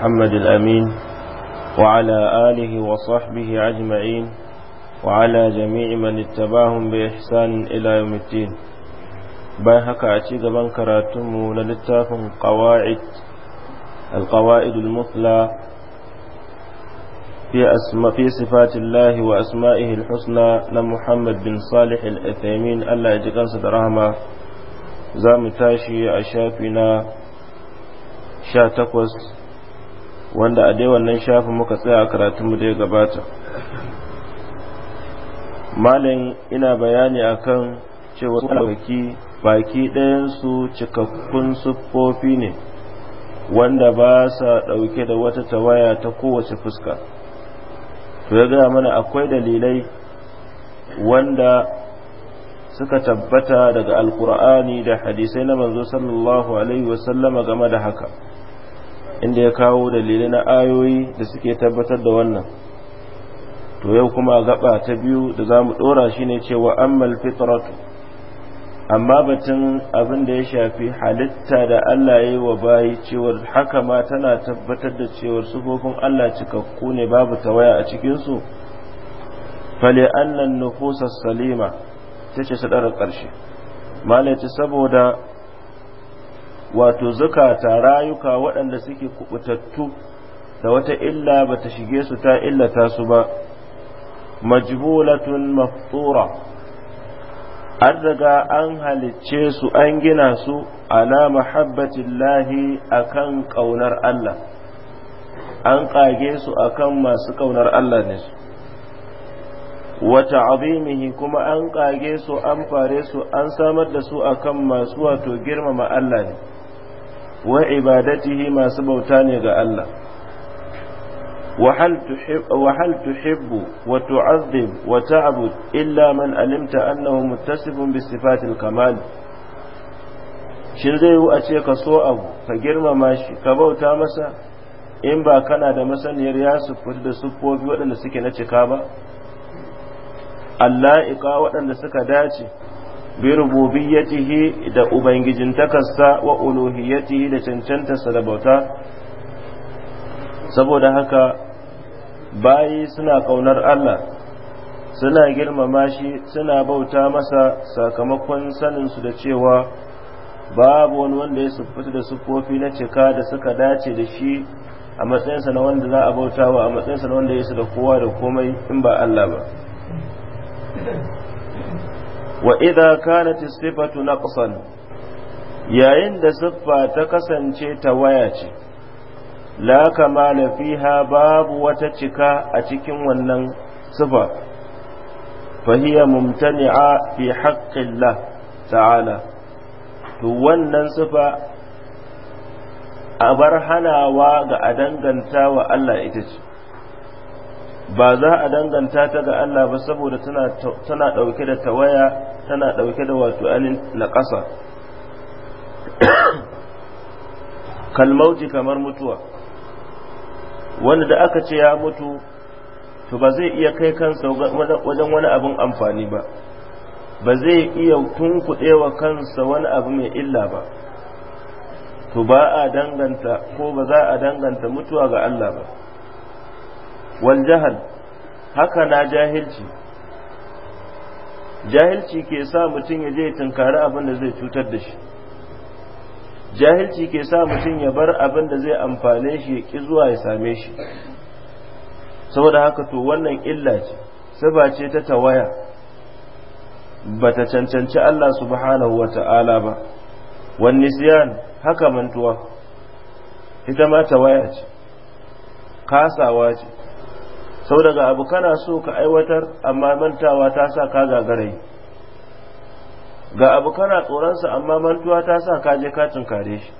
محمد الأمين وعلى آله وصحبه أجمعين وعلى جميع من اتباهم بإحسان إلى يوم الدين باهك أتيك بنكراتم للتافهم قواعد القواعد المثلى في, أسم في صفات الله وأسمائه الحسنى لمحمد بن صالح الأثيمين ألا يجيكا صدرهما زام تاشي أشافنا شاتكوس wanda a dai wannan shafin muka tsaya a karatunmu da ya gabata malin ina bayani akan cewa baki baki su cikakkun siffofi ne wanda ba sa ɗauke da wata tawaya ta kowace fuska to ya gaya mana akwai dalilai wanda suka tabbata daga alkur'ani da hadisai na manzo sallallahu alaihi wasallama game da haka inda ya kawo dalilai na ayoyi da suke tabbatar da wannan to yau kuma gaba ta biyu da za mu ɗora shi ne cewa ammal fitratu amma batun abin da ya shafi halitta da Allah ya yi wa bayi cewar haka ma tana tabbatar da cewar sufofin Allah cikakku ne babu tawaya a cikinsu fale annan nufusar salima ta ce sadar ƙarshe malaci saboda wato zukata rayuka waɗanda suke kubutattu da wata illa ba ta shige su ta illata su ba majbulatun maftura an daga an halicce su an gina su ala mahabbatillahi akan ƙaunar Allah an ƙage su akan masu ƙaunar Allah ne su wata kuma an ƙage su an fare su an samar da su akan masu wato girmama Allah ne wa ibadatihi masu bauta ne ga Allah وهل تحب وتعظم وتعبد إلا من علمت أنه متصف بصفات kamal shin zai yi a ce ka so abu ka girmama shi ka bauta masa in ba kana da masaniyar ya sufuri da siffofi waɗanda suke na cika ba Allah iƙa waɗanda suka dace bi rububiyyatihi da ubangijin takasta wa uluhiyyatihi da cancanta da bauta saboda haka bayi suna kaunar Allah suna girmama shi suna bauta masa sakamakon saninsu da cewa babu wani wanda ya siffata da siffofi na cika da suka dace da shi a matsayinsa na wanda za a bautawa a matsayinsa na wanda ya da kowa da komai in ba Allah ba wa idza kanat sifatu naqsan yayin da siffa ta kasance ta waya ce la kamala fiha babu wata cika a cikin wannan siffa fahiya mumtani'a fi haqqillah ta'ala to wannan siffa a bar hanawa ga a danganta wa Allah ita ce ba za a danganta ta ga Allah ba saboda tana ɗauke da tawaya tana ɗauke da wato anin na ƙasa kalmauti kamar mutuwa wanda da aka ce ya mutu to ba zai iya kai kansa wajen wani abin amfani ba ba zai iya tunkuɗewa kansa wani abu mai illa ba to ba a danganta ko ba za a danganta mutuwa ga Allah ba wal jahal haka na jahilci jahilci ke sa mutum ya je tunkari abin da zai cutar da shi jahilci ke sa mutum ya bar abin da zai amfane shi ya ki zuwa ya same shi saboda haka to wannan illa ce saba ce ta tawaya bata cancanci Allah subhanahu wa ta'ala ba wani siyan haka mantuwa ita ma tawaya ce kasawa ce sau daga abu kana so ka aiwatar amma mantawa ta sa ka gagarai ga abu kana tsoronsa amma mantuwa ta sa ka je ka tunkare shi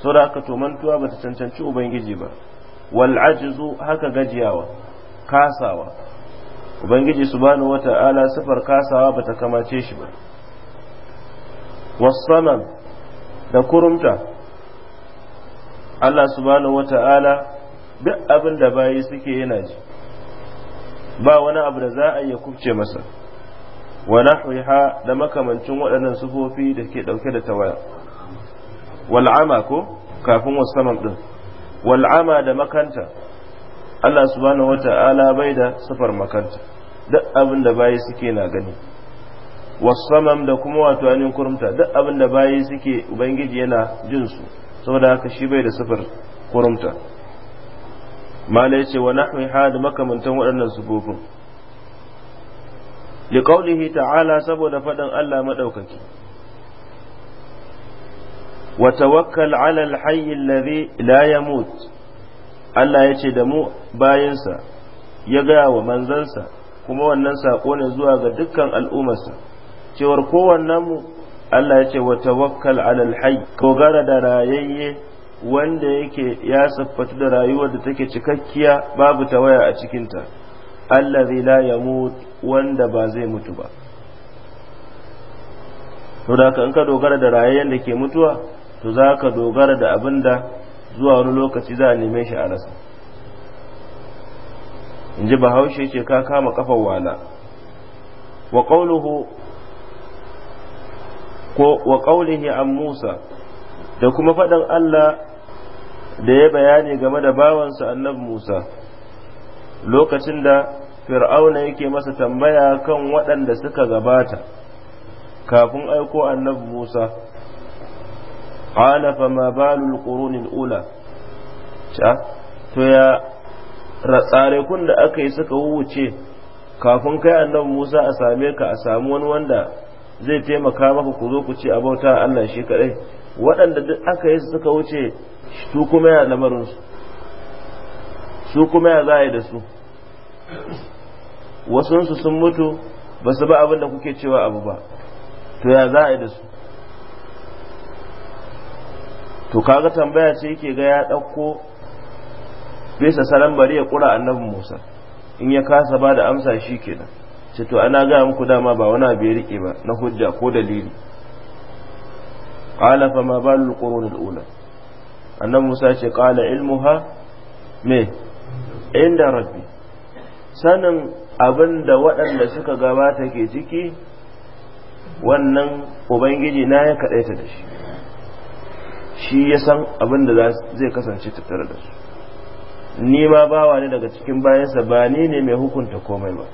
sau da aka to mantuwa ba ta cancanci ubangiji ba wal ajizu haka gajiyawa kasawa ubangiji su wata ala sifar kasawa ba ta kamace shi ba wasanan da kurumta Allah subhanahu ta'ala. duk abin da bayi suke yana ji ba wani abu da za a iya kubce masa wa nahwiha da makamancin waɗannan sufofi da ke ɗauke da tawaya wal'ama ko kafin wasamam ɗin wal'ama da makanta Allah subhanahu wata'ala bai da sufar makanta duk abin da bayi suke na gani wasamam da kuma wato ainihin kurumta duk abin da bayi suke ubangiji yana jinsu saboda haka shi bai da sufar kurumta malai ce wa nahwi hada makamantan waɗannan sufufin liqaulihi ta'ala saboda faɗin Allah madaukaki wa tawakkal 'ala al-hayy alladhi la yamut Allah yace da mu bayansa ya gaya wa manzansa kuma wannan sako ne zuwa ga dukkan al'ummarsa cewar kowannen mu Allah yace wa tawakkal 'ala al-hayy ko gara da rayayye wanda yake ya siffatu da rayuwar da take cikakkiya babu ta waya a cikinta allazi la yamut wanda ba zai mutu ba to da ka in ka dogara da rayayyen da ke mutuwa to za ka dogara da abin da zuwa wani lokaci za a neme shi a rasa in ji bahaushe ce ka kama kafar wala wa qawluhu an Musa da kuma faɗin Allah da ya bayani game da bawansa annabi Musa lokacin da fir'auna yake masa tambaya kan waɗanda suka gabata kafin aiko annabi Musa qala fama balul qurunil ula cha to ya ratsare kun da aka yi suka wuce kafin kai annabi Musa a same ka a samu wani wanda zai taimaka maka ku zo ku ce a Allah shi kadai waɗanda duk aka yi su suka wuce su kuma ya lamarinsu su kuma ya za da su wasunsu sun mutu ba su ba abin da kuke cewa abu ba to ya za da su to kaga tambaya ce yake ga ya ɗauko bisa salon bari ya ƙura annabin musa in ya kasa ba da amsa shi kenan ce to ana gaya muku dama ba wani abu ya riƙe ba na hujja ko dalili قال فما ma القرون qurun ula annan musa ce qala عند me inda sanin abin da waɗanda suka gabata ke ciki wannan ubangiji na ya kaɗaita da shi shi ya san abin da zai kasance tattare da su ni ma bawa ne daga cikin bayansa ba ni ne mai hukunta komai ba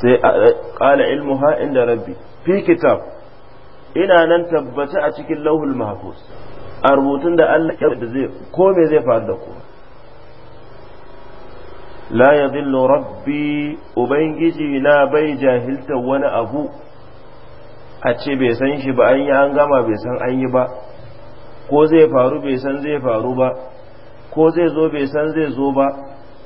sai qala ilmuha inda rabbi fi kitab ina nan tabbata a cikin lauhul mahfuz a rubutun da Allah ya da zai ko me zai faru da ku la yadhillu rabbi ubangiji na bai jahilta wani abu a ce bai san shi ba an yi an gama bai san an yi ba ko zai faru bai san zai faru ba ko zai zo bai san zai zo ba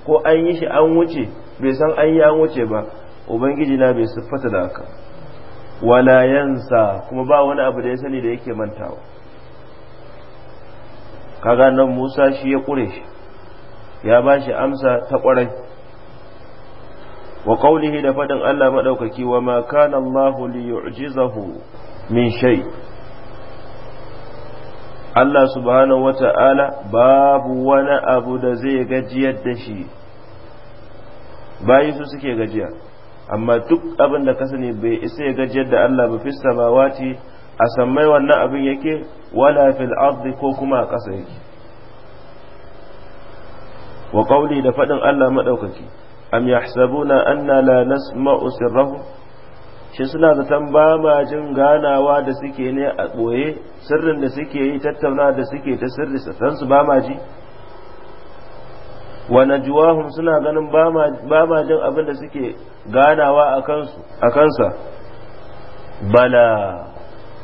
ko an yi shi an wuce bai san an yi an wuce ba ubangiji na bai siffata da haka wala yansa kuma ba wani abu da ya sani da yake mantawa kaga nan Musa shi ya kure shi ya ba shi amsa ta kwarai wa qawlihi da fadin Allah madaukaki wa ma kana Allah li yu'jizahu min shay Allah subhanahu wata'ala babu wani abu da zai gajiyar da shi bayi su suke gajiya amma duk abin da ka sani bai isa ya gajiyar da Allah ba fi samawati a sammai wannan abin yake wala fil ardi ko kuma a ƙasa yake wa qawli da faɗin Allah madaukaki am yahsabuna anna la nasma'u sirrahu shi suna zaton ba ma jin ganawa da suke ne a ɓoye sirrin da suke yi tattauna da suke ta sirri su ba ma ji wa najwahum suna ganin ba ma jin abin da suke ganawa a kansa bala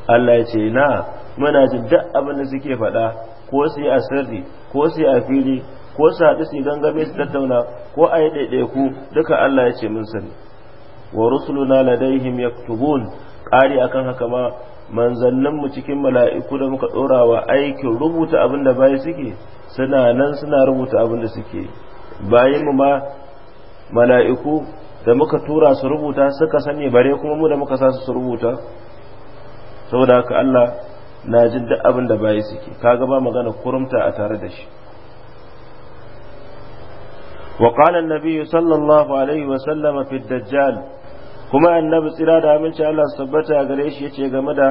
Allah ya ce na muna jin duk abin da suke faɗa ko su yi a sirri ko su yi a fili ko su haɗu su gangame su tattauna ko a yi ɗaiɗaiku duka Allah ya ce mun sani wa rusuluna ladaihim yaktubun ƙari akan haka ma manzanninmu cikin mala'iku da muka ɗora wa aikin rubuta abin da bayi suke suna nan suna rubuta abin da suke mu ma mala'iku da muka tura su rubuta suka sani bare kuma mu da muka sa su rubuta saboda haka Allah na jin duk abin da bayi suke kaga ba magana kurumta a tare da shi وقال النبي صلى الله عليه وسلم في الدجال kuma annabi tsira da aminci Allah sabbata tabbata gare shi yace game da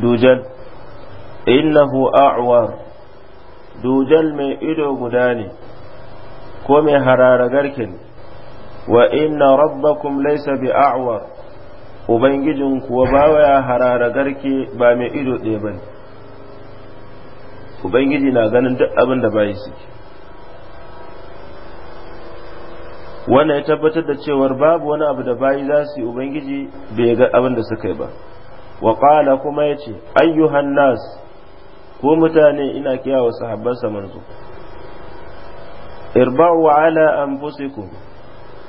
dujal innahu a'war dujal mai ido guda ne ko mai harara garkin wa inna rabbakum laysa bi a'war ubangijin kuwa ba ya harara garke ba mai ido ɗaya ba ubangiji na ganin duk abin da bayi suke wannan ya tabbatar da cewar babu wani abu da bayi za su yi ubangiji bai ga abin da suka yi ba wa qala kuma ce ayyuhan nas ko mutane ina kiyawa sahabbansa manzo irba'u ala anfusikum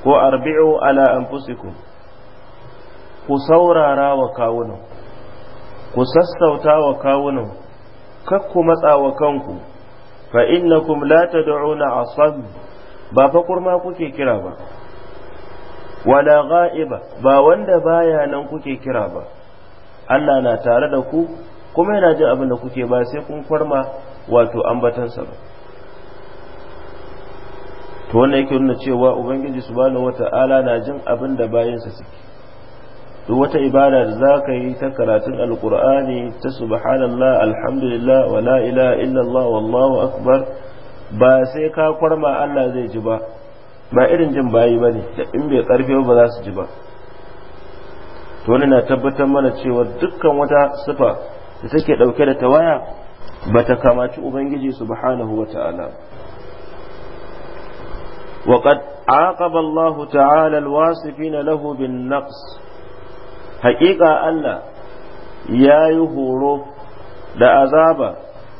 ko arbi'u ala anfusikum ku saurara wa kawunan ku sassauta wa kawuna. kar ku matsa wa kanku fa innakum la tad'una asab ba fa kurma kuke kira ba wala ga'iba ba wanda baya nan kuke kira ba Allah na tare da ku kuma yana jin abin da kuke ba sai kun farma wato ambatansa ba to wannan yake nuna cewa ubangiji subhanahu wata'ala na jin abin da bayansa suke duk wata ibada da za ka yi ta karatun alkur'ani ta subhanallah alhamdulillah wala ilaha illallah wallahu akbar ba sai ka kwarma Allah zai ji ba ba irin jin bayi ba ne da in bai karfe ba za su ji ba to wani na tabbatar mana cewa dukkan wata sifa da take ɗauke da tawaya ba ta kamaci ubangiji subhanahu wa ta'ala ta'alal عاقب الله تعالى lahu bin naqs haqiqa Allah yayi horo da azaba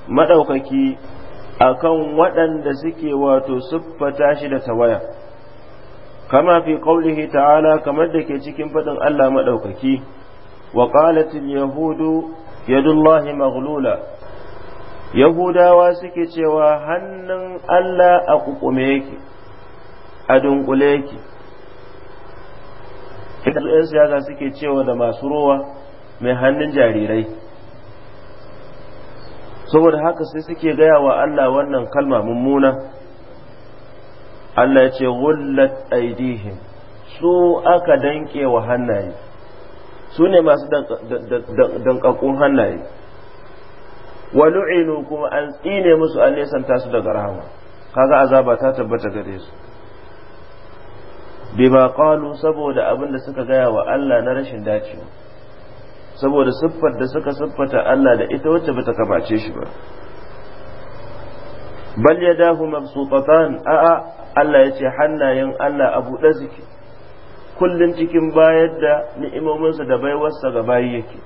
maɗaukaki akan waɗanda suke wato siffata shi da tawaya kama fi qaulihi ta'ala kamar da ke cikin faɗin Allah maɗaukaki wa qalat yahudu yadullahi maghlula yahudawa suke cewa hannun Allah a kukume yake a dunkule yake siyasa suke cewa da masu rowa mai hannun jarirai saboda haka sai suke gaya wa Allah wannan kalma mummuna Allah ya ce gullat aidihim su aka danke wa hannaye su ne masu dankakun hannaye wa lu'inu kuma an tsine musu an nesanta su daga rahama kaga azaba ta tabbata gare su bima qalu saboda abinda suka gaya wa Allah na rashin dacewa saboda siffar da suka siffata Allah da ita wacce bata kamace shi ba bal yadahu mabsutatan a Allah yace hannayen Allah abu buɗe ziki kullun cikin bayar da ni'imominsa da baiwarsa ga bayi yake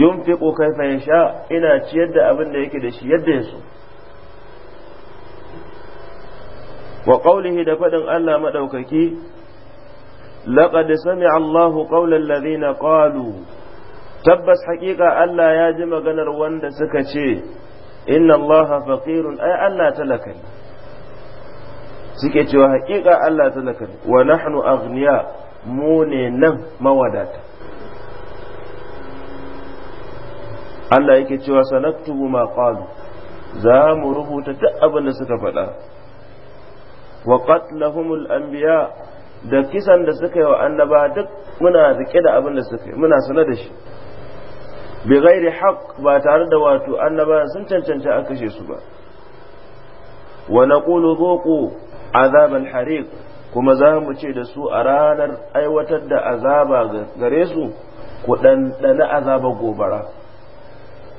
yunfiqu kaifa yasha ina ciyar da abin da yake da shi yadda ya so wa qawlihi da faɗin Allah madaukaki لقد سمع الله قول الذين قالوا تبس حقيقة ألا يا جمع غنر وند سكتشي إن الله فقير أي ألا تلك سكتشي وحقيقة ألا تلك ونحن أغنياء موني نم مودات ألا يكتشي وسنكتب ما قالوا za mu rubuta duk abin da suka faɗa wa qatlahumul anbiya da kisan da suka yi wa annaba duk muna rike da abin da suka yi muna sanar da shi bi ghairi haqq ba tare da wato annaba sun cancanta a kashe su ba wa naqulu dhuqu azab al-hariq kuma za mu ce da su a ranar aiwatar da azaba gare su ku dandana azabar gobara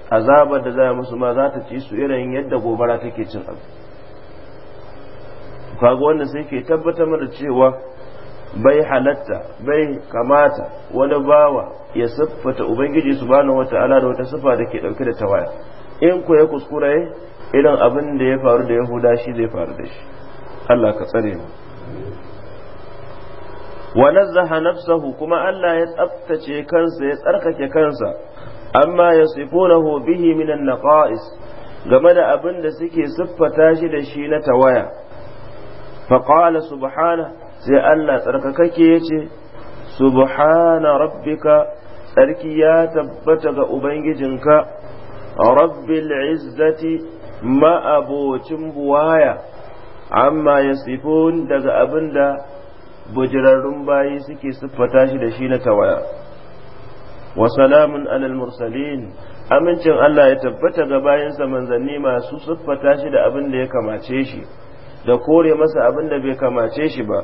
azabar da za musu ma za ta ci su irin yadda gobara take cin abu kaga wannan sai ke tabbatar mana cewa bai halatta bai kamata wani bawa ya siffata ubangiji subhanahu wata'ala da wata siffa da ke dauke da tawaya in ku ya kuskura ya irin abin da ya faru da yahuda shi zai faru da shi Allah ka tsare mu wa nazzaha nafsahu kuma Allah ya tsaftace kansa ya tsarkake kansa amma ya yasifunahu bihi minan naqa'is game da abin da suke siffata shi da shi na tawaya faqala subhanahu sai Allah tsarkakakke ya ce subhana rabbika tsarki ya tabbata ga ubangijinka rabbil izzati ma'abocin buwaya amma ya sifon daga abin da bujirarrun bayi suke siffata shi da shi na tawaya wa salamun alal mursalin amincin Allah ya tabbata ga bayansa manzanni masu siffata shi da abin da ya kamace shi da kore masa abin da bai kamace shi ba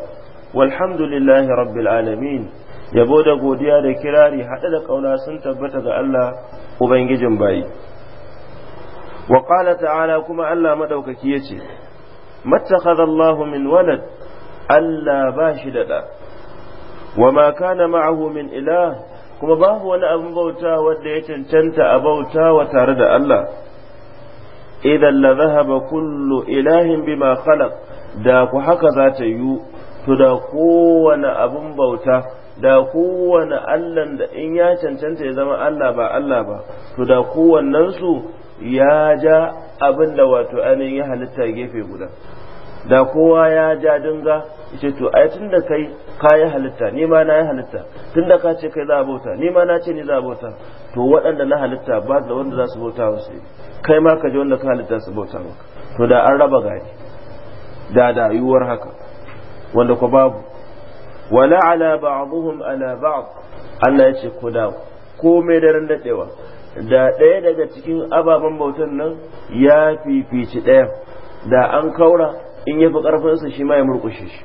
Walhamdu lillahi rabbi'l'alamin. yabo da godiya da kirari haɗe da ƙauna sun tabbata ga Allah ubangijin bayi wa qala ta'ala kuma Allah madaukaki yace mattakhadha Allahu min walad Allah ba shi da wa ma kana ma'ahu min ilah kuma babu wani abin bauta wanda ya cancanta a bauta wa tare da Allah idan la zahaba kullu ilahin bima khalaq da ku haka za ta yiwu to da kowane abin bauta da kowane allan da in ya cancanta ya zama allah ba allah ba to da su ya ja abin da wato ainihin ya halitta gefe guda da kowa ya ja dinga ce to ai tun da kai ka yi halitta ni ma na yi halitta tun da ka ce kai za a bauta ni ma na ce ni za a bauta to waɗanda na halitta ba da wanda za su bauta wasu kai ma ka ji wanda ka halitta su bauta maka to da an raba gari da da yiwuwar haka wanda ku babu wala ala ba'dhum ala ba'd Allah ya ce ku da komai daren dadewa da ɗaya daga cikin ababen bautan nan ya fifici ɗaya da an kaura in ya fi ƙarfinsa shi ma ya murƙushe shi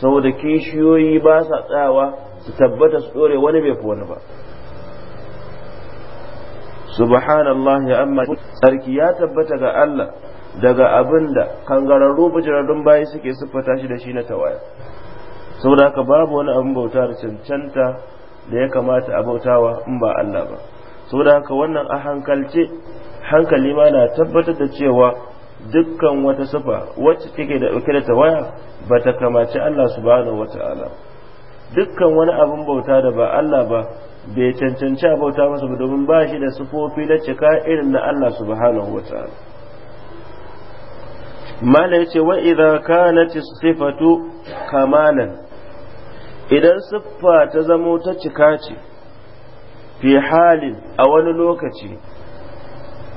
saboda kishiyoyi ba sa tsawa su tabbata su ɗore wani bai fi wani ba subhanallah ya amma sarki ya tabbata ga Allah daga abin da kangararru bujirarrun bayi suke siffata shi da shi na tawaya saboda haka babu wani abin bauta da cancanta da ya kamata a bautawa in ba Allah ba saboda haka wannan a hankalce hankali ma na tabbatar da cewa dukkan wata sifa wacce take da dauke da tawaya ba ta kamaci Allah subhanahu wata'ala dukkan wani abin bauta da ba Allah ba bai cancanci a bauta masa ba domin ba shi da sifofi na cika irin na Allah subhanahu wata'ala mala yace wa idza kanat sifatu kamalan idan siffa ta zamo ta cika ce fi halin a wani lokaci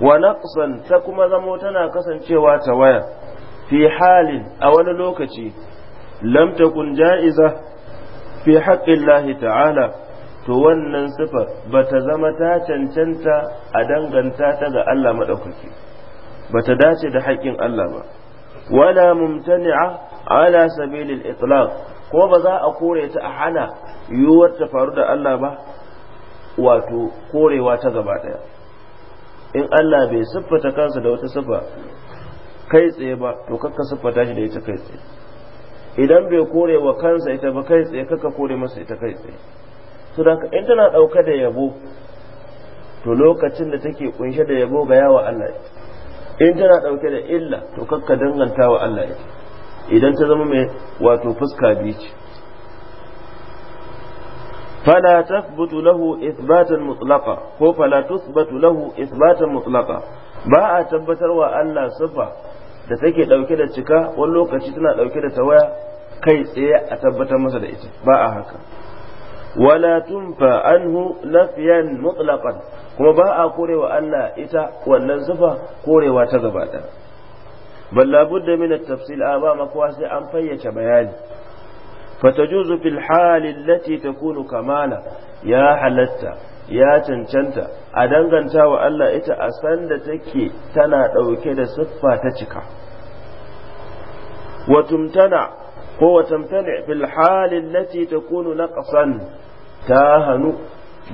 wa naqsan ta kuma zamo tana kasancewa ta waya fi halin a wani lokaci lam takun ja'iza fi haqqillahi ta'ala to wannan ba ta zama ta cancanta a danganta ta ga Allah madaukaki ta dace da haƙƙin Allah ba wala mumtani'a ala sabilil itlaq ko ba za a kore ta a hana yiwuwar ta faru da Allah ba wato korewa ta gaba daya in Allah bai siffata kansa da wata siffa kai tsaye ba to kakka siffata shi da ita kai tsaye idan bai kore wa kansa ita ba kai tsaye kakka kore masa ita kai tsaye to da in tana dauka da yabo to lokacin da take kunshe da yabo ga yawa Allah in tana ɗauke da illa to kakka danganta wa Allah ita idan ta zama mai wato fuska biyu ce fala tasbutu lahu ithbatan mutlaqa ko fala tusbutu lahu ithbatan mutlaqa ba a tabbatar wa Allah sifa da take dauke da cika wani lokaci tana dauke da tawaya kai tsaye a tabbatar masa da ita ba a haka wala tunfa anhu nafiyan mutlaqan kuma ba a korewa Allah ita wannan sifa korewa ta gaba ɗaya bal labudda min at-tafsil amma makuwa sai an fayyace bayani fatajuzu fil hali allati takunu kamala ya halatta ya cancanta a danganta wa Allah ita a sanda take tana ɗauke da siffa ta cika wa tumtana ko wa tamtani fil hali allati takunu naqsan ta hanu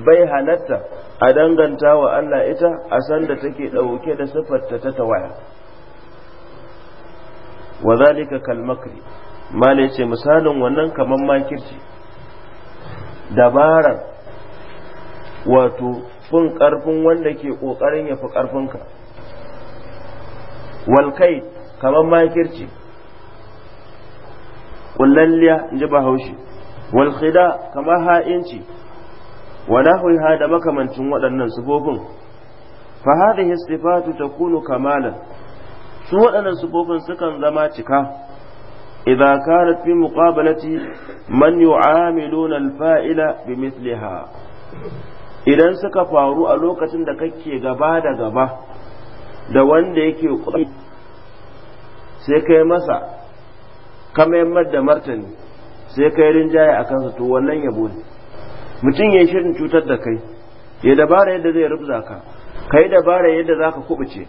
bai halatta a danganta wa Allah ita a sanda take ɗauke da siffarta ta tawaya wa zalika kalmakri mala ce misalin wannan kamar makirci dabaran wato fin ƙarfin wanda ke ƙoƙarin ya fi ƙarfinka walkai kamar makirci ƙullalliya in ji bahaushe walkhida kamar ha'inci wa nahwiha da makamancin waɗannan sifofin fa hisifatu ta takunu kamala su waɗannan sifofin sukan zama cika idza kanat fi muqabalati man yu'amiluna faila bimithliha idan suka faru a lokacin da kake gaba da gaba da wanda yake sai kai masa kamar da martani sai kai rinjaye a kansa to wannan yabo ne mutum ya shirin cutar da kai ya dabara yadda zai rubza ka kai dabara yadda za ka kubuce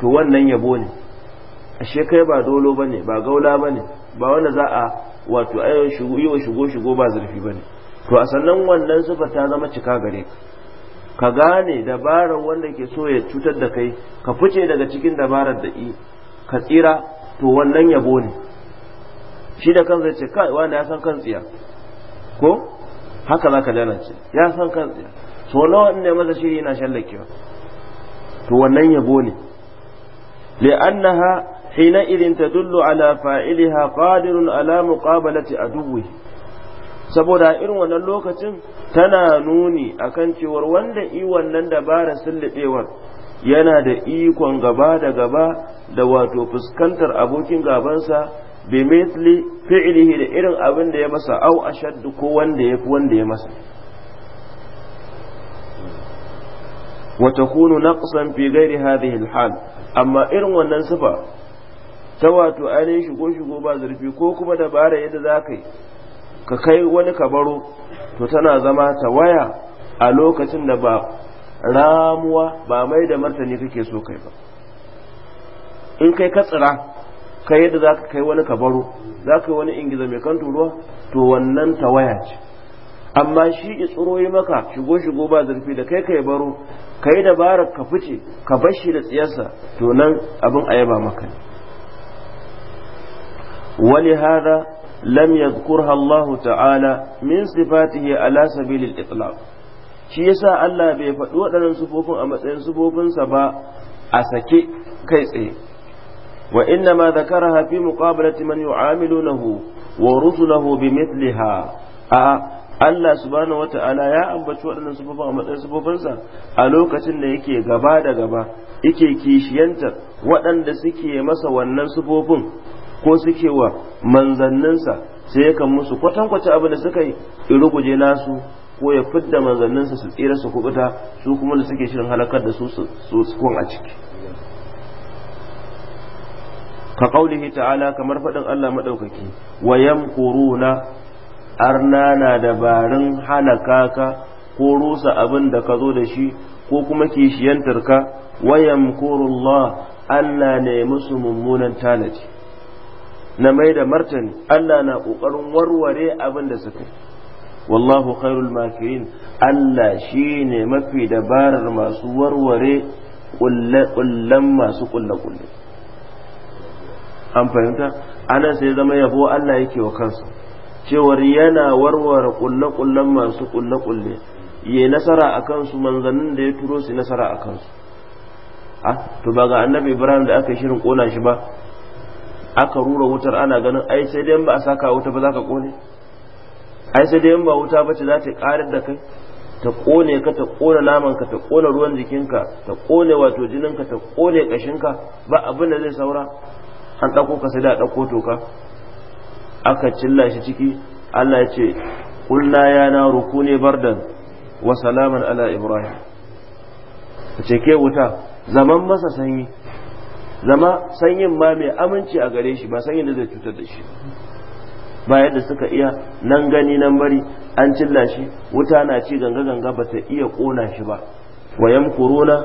to wannan yabo ne ashe kai ba dolo ba ne ba gaula ba ne ba wanda za a wato ayon shigo yi wa shigo shigo ba zurfi ba ne to a sannan wannan sifar ta zama cika gare ka ka gane dabarar wanda ke so ya cutar da kai ka fice daga cikin dabarar da i ka tsira to wannan yabo ne shi da kan zai ce kai wanda ya san kan tsiya ko haka za ka jalance ya san kan so nawa in ya masa shiri yana shallakewa to wannan yabo ne li'annaha hina idin dullu ala fa'iliha qadirun ala a dubu saboda irin wannan lokacin tana nuni akan cewar wanda i wannan dabarar sullubewar yana da ikon gaba da gaba da wato fuskantar abokin gabansa bi misli fi'lihi da irin abin da ya masa au ashaddu ko wanda yafi wanda ya masa wa takunu naqsan fi ghairi hadhihi al-hal amma irin wannan sifa ta wato ainihin shigo shigo ba zurfi ko kuma dabara yadda za ka ka kai wani kabaro to tana zama ta waya a lokacin da ba ramuwa ba mai da martani kake so kai ba in kai ka tsira kai yadda za ka kai wani ka baro za ka yi wani ingiza mai kan turuwa to wannan tawaya ce amma shi itsuro yi maka shigo shigo ba zurfi da kai kai baro kai dabarar ka fice ka bar shi da tsiyarsa to nan abin a yaba maka ne Wani hada lam yadhkurha Allah ta'ala min sifatihi ala sabilil itlaq shi yasa Allah bai faɗi waɗannan sufofin a matsayin sufofinsa ba a sake kai tsaye وإنما ذكرها في مقابلة من يعاملونه ورسله بمثلها Allah subhanahu wa ta'ala ya ambaci waɗannan sufafan a matsayin sufafansa a lokacin da yake gaba da gaba yake kishiyanta waɗanda suke masa wannan sufofin ko suke wa manzanninsa sai yakan musu kwatankwacin abin da suka yi ruguje nasu ko ya fidda manzanninsa su tsira su kubuta su kuma da suke shirin halakar da su su a ciki ka kaulihi ta'ala kamar faɗin Allah maɗaukaki. wa yamquruna arna na dabarun halaka ka ko rusa abin da ka zo da shi ko kuma kishiyantar ka wa yamqurullah Allah ne musu mummunan tanaji na mai da martani Allah na ƙoƙarin warware abin da suka wallahu khairul makirin Allah shi ne mafi dabarar masu warware ƙullen masu ƙulle-ƙulle an fahimta anan sai zama yabo Allah yake wa kansa cewar yana warware kullakullan masu kullakulle kulle ya nasara a kansu manzannin da ya turo su nasara a kansu to ba ga annabi ibrahim da aka yi shirin kona shi ba aka rura wutar ana ganin ai sai dai ba a saka wuta ba za ka kone ai sai dai ba wuta ba ce za ta karar da kai ta kone ka ta kone namanka ta kone ruwan jikinka ta kone wato jininka ta kone kashinka ba abin da zai saura an ɗauko ka sai da ɗauko toka aka cilla shi ciki Allah ya ce kulla ya na ruku ne bardan wa salaman ala ibrahim ta ce ke wuta zaman masa sanyi zama sanyin ma mai aminci a gare shi ba sanyin da zai cutar da shi ba yadda suka iya nan gani nan bari an cilla shi wuta na ci ganga ganga ba ta iya kona shi ba wa yamkuruna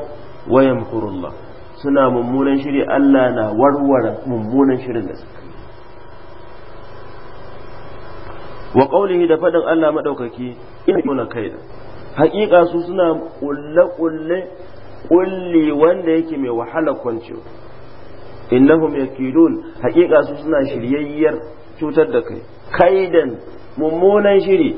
wa yamkurullah suna mummunan shiri Allah na warware mummunan shirin da suka wa ƙaunihi da faɗin Allah maɗaukaki ina kai da haƙiƙa su suna ƙulle-ƙulle kulli wanda yake mai wahala kwancewa innahum yakidun haƙiƙa su suna shiryayyar cutar da kai kaidan mummunan shiri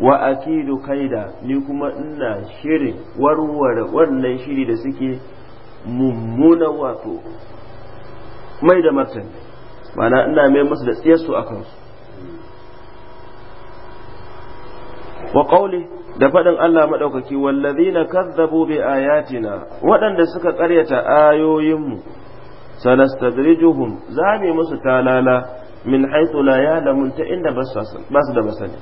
wa akidu kaida ni kuma ina shirin warware wannan shiri da suke mummuna wato mai da martani mana ina mai musu da tsiyarsu a kansu wa da faɗin Allah maɗaukaki na kazzabu bi ayatina waɗanda suka ƙaryata ayoyinmu sanastadrijuhum zame musu talala min haythu la ya'lamun ta inda ba da basani.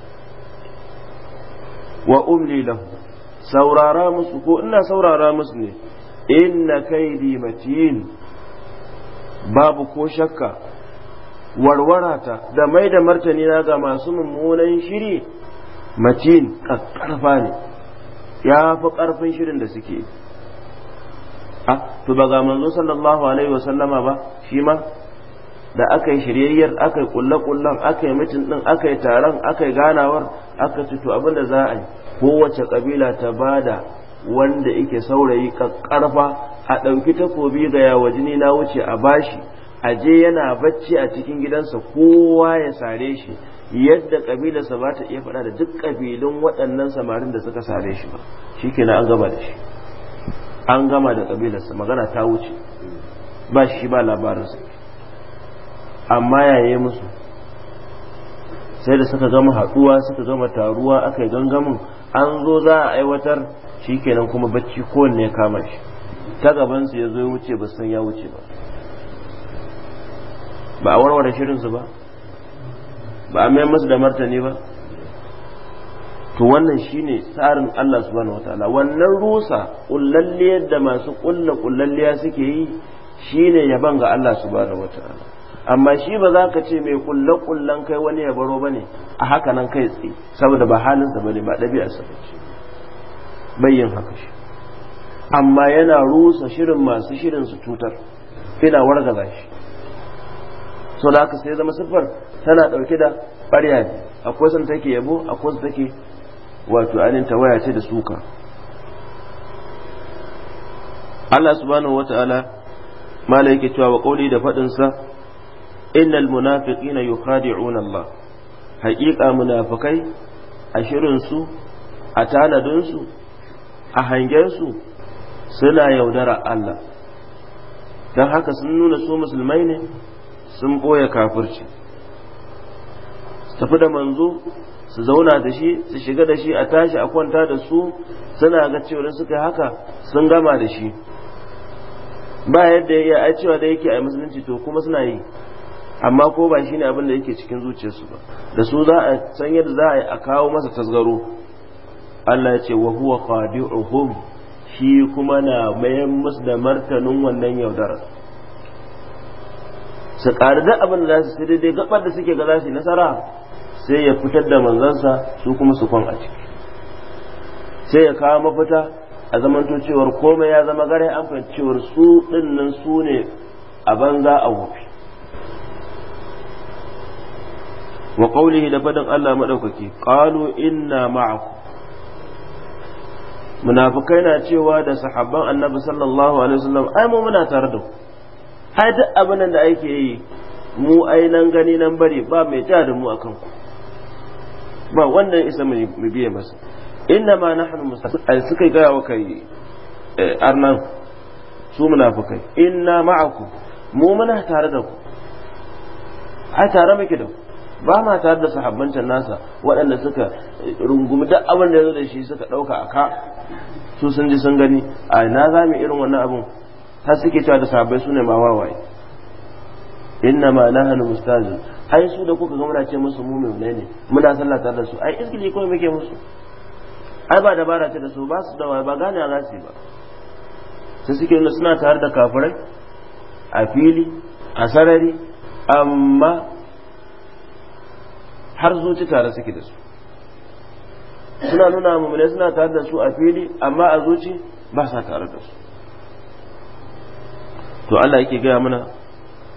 wa umli lahu saurara musu ko ina saurara musu ne inna kaidi matin babu ko shakka warwarata da mai da martani na ga masu mummunan shiri matin ƙarfa ne ya fi ƙarfin shirin da suke a ah, to ba ga manzo sallallahu alaihi wasallama ba shi ma da aka yi shiryayyar aka yi akai kullen aka yi mitin din aka yi taron aka yi ganawar aka ci to abin da za a yi kowace kabila ta ba da wanda yake saurayi ƙarfa a ɗauki takobi ga yawa jini na wuce a bashi a je yana bacci a cikin gidansa kowa ya sare shi yadda ƙabilarsa ba ta iya faɗa da duk ƙabilun waɗannan samarin da suka sare shi ba shi kenan an gama da shi an gama da ƙabilarsa magana ta wuce ba shi ba labarinsa amma yaye musu sai da suka gama haɗuwa suka gama taruwa aka yi gangamin an zo za a aiwatar shi kenan kuma bacci kowanne ya kama shi ta gabansu ya zo ya wuce ba san ya wuce ba ba a warware shirinsu ba ba a mayan masu da martani ba to wannan shi ne tsarin Allah subhanahu wataala wannan rusa kullalliyar da masu ƙulla kullalliya suke yi shi ne yaban ga Allah subhanahu wataala amma shi ba za ka ce mai kulle kullen kai wani ya baro ba ne a haka nan kai tsaye saboda ba halin da bane ba ɗabi'a sa ce bayyin haka shi amma yana rusa shirin masu shirin su cutar ina za shi so da haka sai zama siffar tana ɗauke da ɓarya ne akwai san take yabo akwai san take wato anin tawaya ce da suka Allah subhanahu wa ta'ala yake cewa wa kauli da faɗinsa innal munafiqina yukhadi'una Allah haƙiƙa munafukai a shirinsu a tanadinsu a su suna yaudara Allah don haka sun nuna su musulmai ne sun ɓoye kafirci su tafi da manzo su zauna da shi su shiga da shi a tashi a kwanta da su suna ga cewa suka haka sun gama da shi ba yadda ya iya cewa da yake a musulunci to kuma suna yi amma ko ba shi ne abin da yake cikin zuciyarsu ba da su za a san yadda za a yi a kawo masa tasgaro Allah ya ce wa huwa qadi'uhum shi kuma na mayan musu da martanin wannan yaudarar su ƙari da abin da za su sai daidai gabar da suke ga za su nasara sai ya fitar da manzansa su kuma su kwan a ciki sai ya kawo mafita a zamanto cewar komai ya zama gare an fahimci cewar su ɗinnan su ne a banza a wofi wa qawlihi da faɗin Allah madaukaki qalu inna ma'akum munafikai na cewa da sahabban annabi sallallahu alaihi wasallam ai mu muna tare da ku ai duk abin da ake yi mu ai nan gani nan bari ba mai ja da mu akan ku ba wannan isa mu biye masa inna ma nahnu mustaqil suka ga wa kai eh, arnan su munafikai inna ma'akum mu muna tare da ku ai tare muke da ku ba ma tare da sahabbancan nasa waɗanda suka rungumi duk abin da ya zo da shi suka ɗauka a ka su sun ji sun gani a na za mu irin wannan abin har suke cewa da sahabbai su ne ma wawaye inna ma hannu mustazin ai su da kuka gama muna ce musu mu mai ne muna sallah tare da su ai iskili kuma muke musu ai ba dabara ce da su ba su da ba gane za su ba sai suke nuna suna tare da kafirai a fili a sarari amma har zuci tare suke da su suna nuna mummune suna tare da su a fili amma a zuci ba sa tare da su to Allah yake gaya mana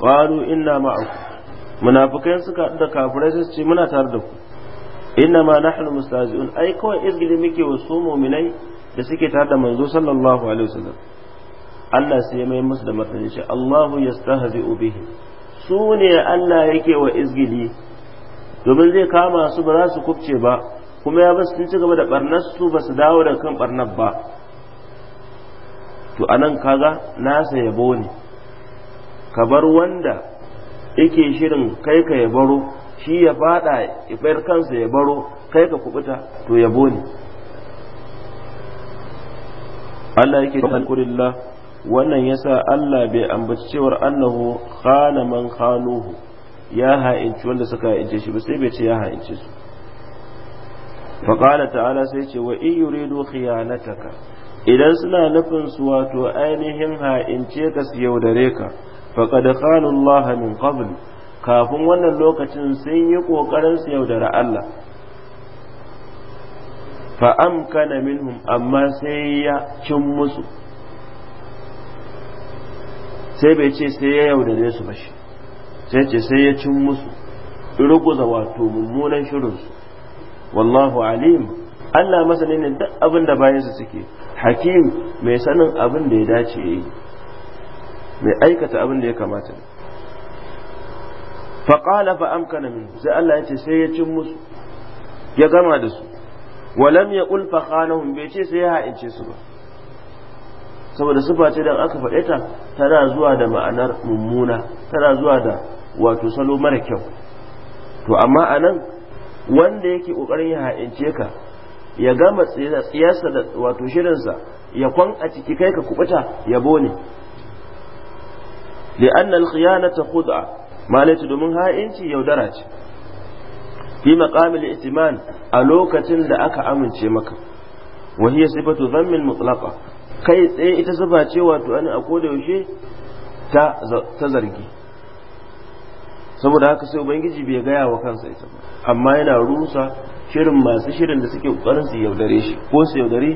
waru inna ma'akum munafikai suka haɗu da kafirai sai ce muna tare da ku inna ma nahnu mustazi'un ai kawai izgili muke wa su mu'minai da suke tare da manzo sallallahu alaihi wasallam Allah sai ya mai musu da martani shi Allahu yastahzi'u bihi su ne Allah yake wa izgili domin zai kama su ba za su kubce ba kuma ya basu sun ci gaba da barnar su ba su dawo da kan barnar ba to anan kaga nasa yabo ne ka bar wanda yake shirin kai ka ya baro shi ya fada ya kansa ya baro kai ka kubuta to yabo ne Allah yake da alkurillah wannan yasa Allah bai ambaci cewar annahu khana man khanuhu ya ha'inci wanda suka ha'ince shi ba sai bai ce ya ha'ince su faƙala ta'ala sai ce wa in yuridu khiyanataka idan suna nufin su wato ainihin ha'ince ka su yaudare ka faqad khanu Allah min qabl kafin wannan lokacin sun yi kokarin su yaudara Allah fa amkana minhum amma sai ya cin musu sai bai ce sai ya yaudare su ba shi sai ce sai ya cin musu ruguza wato mummunan shirinsu wallahu alim Allah masani ne duk abin da bayansa suke hakim mai sanin abin da ya dace ya yi mai aikata abin da ya kamata faƙala fa amkana min sai Allah ya ce sai ya cin musu ya gama da su walam ya ulfa hun bai ce sai ya ha'ince su ba saboda sifa ce dan aka faɗe ta tana zuwa da ma'anar mummuna tana zuwa da wato salo mara kyau to amma a nan wanda yake ƙoƙarin ya ha'ince ka ya gama tsiyarsa da wato shirinsa ya kwan a ciki kai ka kubuta yabo ne li'an al ta khud'a malaitu domin ha'inci yaudara ce fi maqamil itiman a lokacin da aka amince maka wa hiya sifatu dhammin mutlaqa kai tsaye ita zuba ce wato an a koda yaushe ta zargi saboda haka sai ubangiji bai gaya wa kansa ita ba amma yana rusa shirin masu shirin da suke kokarin su yaudare shi ko su yaudare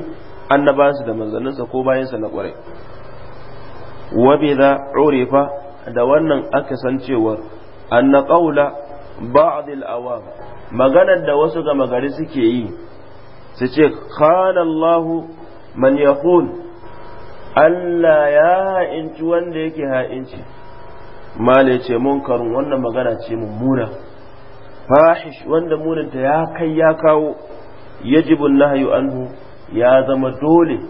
annabansu da manzanninsa ko bayansa na kwarai wa bi da urifa da wannan aka san cewa anna qaula ba'd al-awam maganar da wasu ga magari suke yi su ce khana Allah man yaqul Allah ya ha'inci wanda yake ha'inci male ce munkarun wannan magana ce mummuna fahish wanda ta ya kai ya kawo yajibu nahyu anhu ya zama dole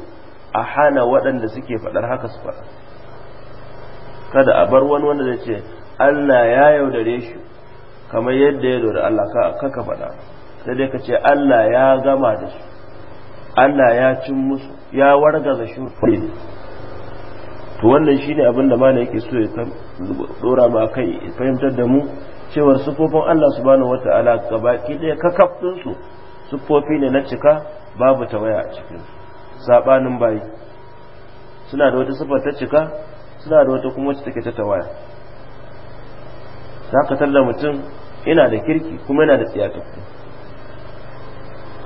a hana waɗanda suke faɗar haka su faɗa kada a bar wani wanda zai ce Allah ya yaudare shi kamar yadda ya yaudare Allah ka ka faɗa sai dai ka ce Allah ya gama da shi Allah ya cin musu ya wargaza shi to wannan shine abin da malai yake so ya dora ma kai fahimtar da mu cewar sufofin Allah subhanahu wata'ala gabaki ka kakafin su sufofi ne na cika babu tawaya a cikin sabanin bayi suna da wata sifar ta cika suna da wata kuma wacce take ta tawaya zaka talla mutum ina da kirki kuma ina da tsiyata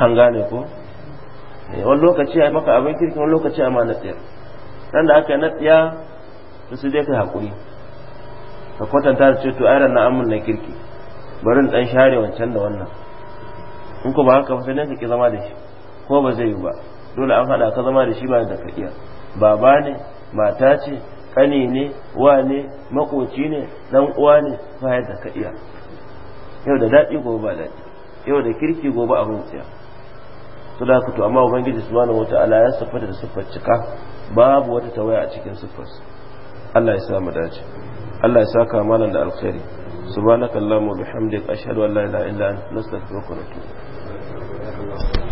an gane ko eh, wani lokaci a maka abin kirki wani lokaci a ma na tsiyar ran da aka yi na tsiya to sai dai kai hakuri, ka kwatanta da ceto to ai ranar amin na kirki bari in dan share wancan da wannan in ko ba haka ba sai ka ki zama da shi ko ba zai yi ba dole an haɗa ka zama da shi ba da ka iya baba ne mata ce ƙani ne wane makoci ne dan uwa ne ba yadda ka iya yau da daɗi gobe ba daɗi yau da kirki gobe abin tsaya su da to amma ubangiji subhanahu wata'ala ya siffata da siffar cika babu wata tawaya a cikin siffarsa Allah ya sa mu dace Allah ya saka malan da alkhairi subhanakallahumma bihamdika ashhadu an la ilaha illa anta nastaghfiruka wa natubu